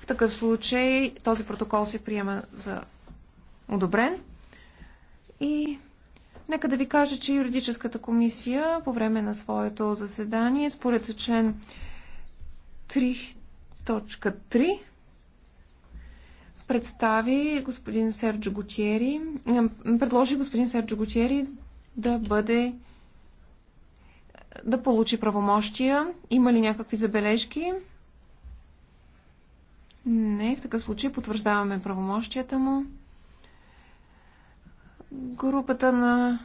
В такъв случай този протокол се приема за одобрен. И нека да ви кажа, че юридическата комисия по време на своето заседание, според член 3.3, представи господин Серджо Готиери, предложи господин Серджо Готиери да бъде да получи правомощия. Има ли някакви забележки? в такъв случай потвърждаваме правомощията му. Групата на